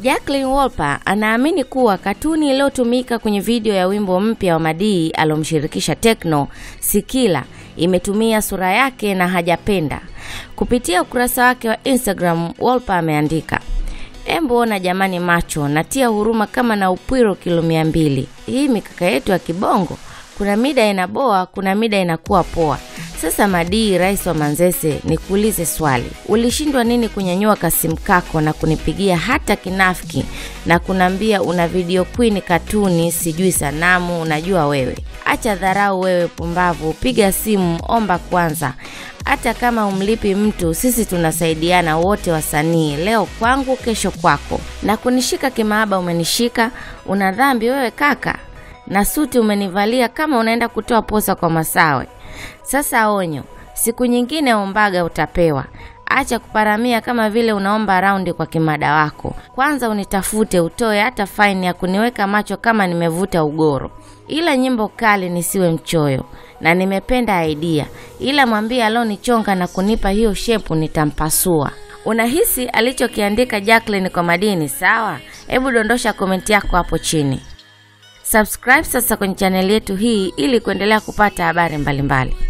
Jacqueline Wolper anaamini kuwa katuni iliyotumika kwenye video ya wimbo mpya wa Madii alomshirikisha Tekno Sikila imetumia sura yake na hajapenda. Kupitia ukurasa wake wa Instagram, Wolper ameandika Emboona jamani, macho natia huruma kama na upwiro kilo mia mbili. Hii mikaka yetu ya kibongo kuna mida inaboa, kuna mida inakuwa poa. Sasa Madii, rais wa Manzese, nikuulize swali, ulishindwa nini kunyanyua kasimu kako na kunipigia hata kinafiki na kunambia una video queen katuni, sijui sanamu? Unajua wewe, acha dharau wewe, pumbavu. Piga simu, omba kwanza. Hata kama umlipi mtu, sisi tunasaidiana wote wasanii, leo kwangu, kesho kwako. Na kunishika kimaaba, umenishika. Una dhambi wewe kaka, na suti umenivalia kama unaenda kutoa posa kwa Masawe. Sasa onyo, siku nyingine ombaga utapewa. Acha kuparamia kama vile unaomba raundi kwa kimada wako. Kwanza unitafute, utoe hata faini ya kuniweka macho kama nimevuta ugoro. Ila nyimbo kali nisiwe mchoyo, na nimependa idea, ila mwambie alonichonga na kunipa hiyo shepu, nitampasua. Unahisi alichokiandika Jacqueline kwa madini sawa? Hebu dondosha komenti yako hapo chini. Subscribe sasa kwenye chaneli yetu hii ili kuendelea kupata habari mbalimbali mbali.